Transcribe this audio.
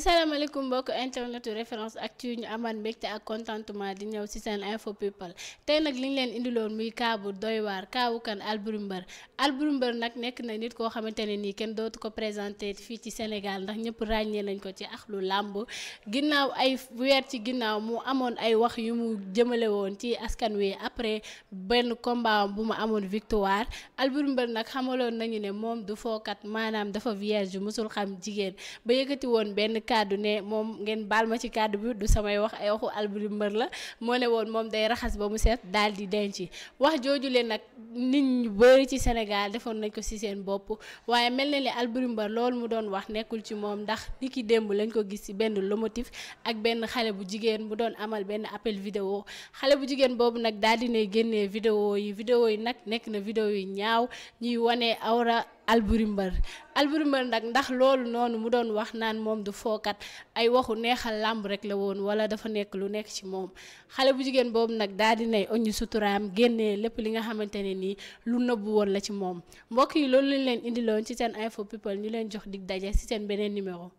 asalaamaaleykum mbokk internetu référence actu ñu amaan mbégte ak contentement di ñëw si seen info people tey nag li ñu leen indiloon muy kaabu doy waar kaawu kan Alboury Mbeur Alboury Mbeur nag nekk na nit koo xamante ne nii kenn dootu ko présenté fii ci Sénégal ndax ñëpp ràññee nañ ko ci ax lu làmb ginnaaw ay weer ci ginnaaw mu amoon ay wax yu mu jëmale woon ci askan wi après benn combat bu mu amoon victoire Alboury nag xamaloon nañu ne moom du fookat maanaam dafa vierge musul xam jigéen ba yëkkati kàddu ne moom ngeen baal ma ci kàddu bi du samay wax ay waxu Alboury Mbër la moo ne woon moom day raxas ba mu set daal di denc wax jooju leen nag nit ñu bëri ci Sénégal defoon nañ ko si seen bopp waaye mel na ni Alboury Mbër loolu mu doon wax nekkul ci moom ndax ni ki démb lañ ko gis si benn lomotif ak benn xale bu jigéen mu doon amal benn appel vidéo xale bu jigéen boobu nag daal di nay génnee vidéo yi vidéo yi nag nekk na vidéo yi ñaaw ñuy wane Alboury Mbeur Alboury nag ndax loolu noonu mu doon wax naan moom du fookat ay waxu neexal làmb rek la woon wala dafa nekk lu nekk ci moom xale bu jigéen boobu nag daal di nay oññu suturaam génnee lépp li nga xamante ne nii lu nëbbu woon la ci moom mbokk yi loolu lañ leen indiloon ci seen info people ñu leen jox dig daje ci seen beneen numéro.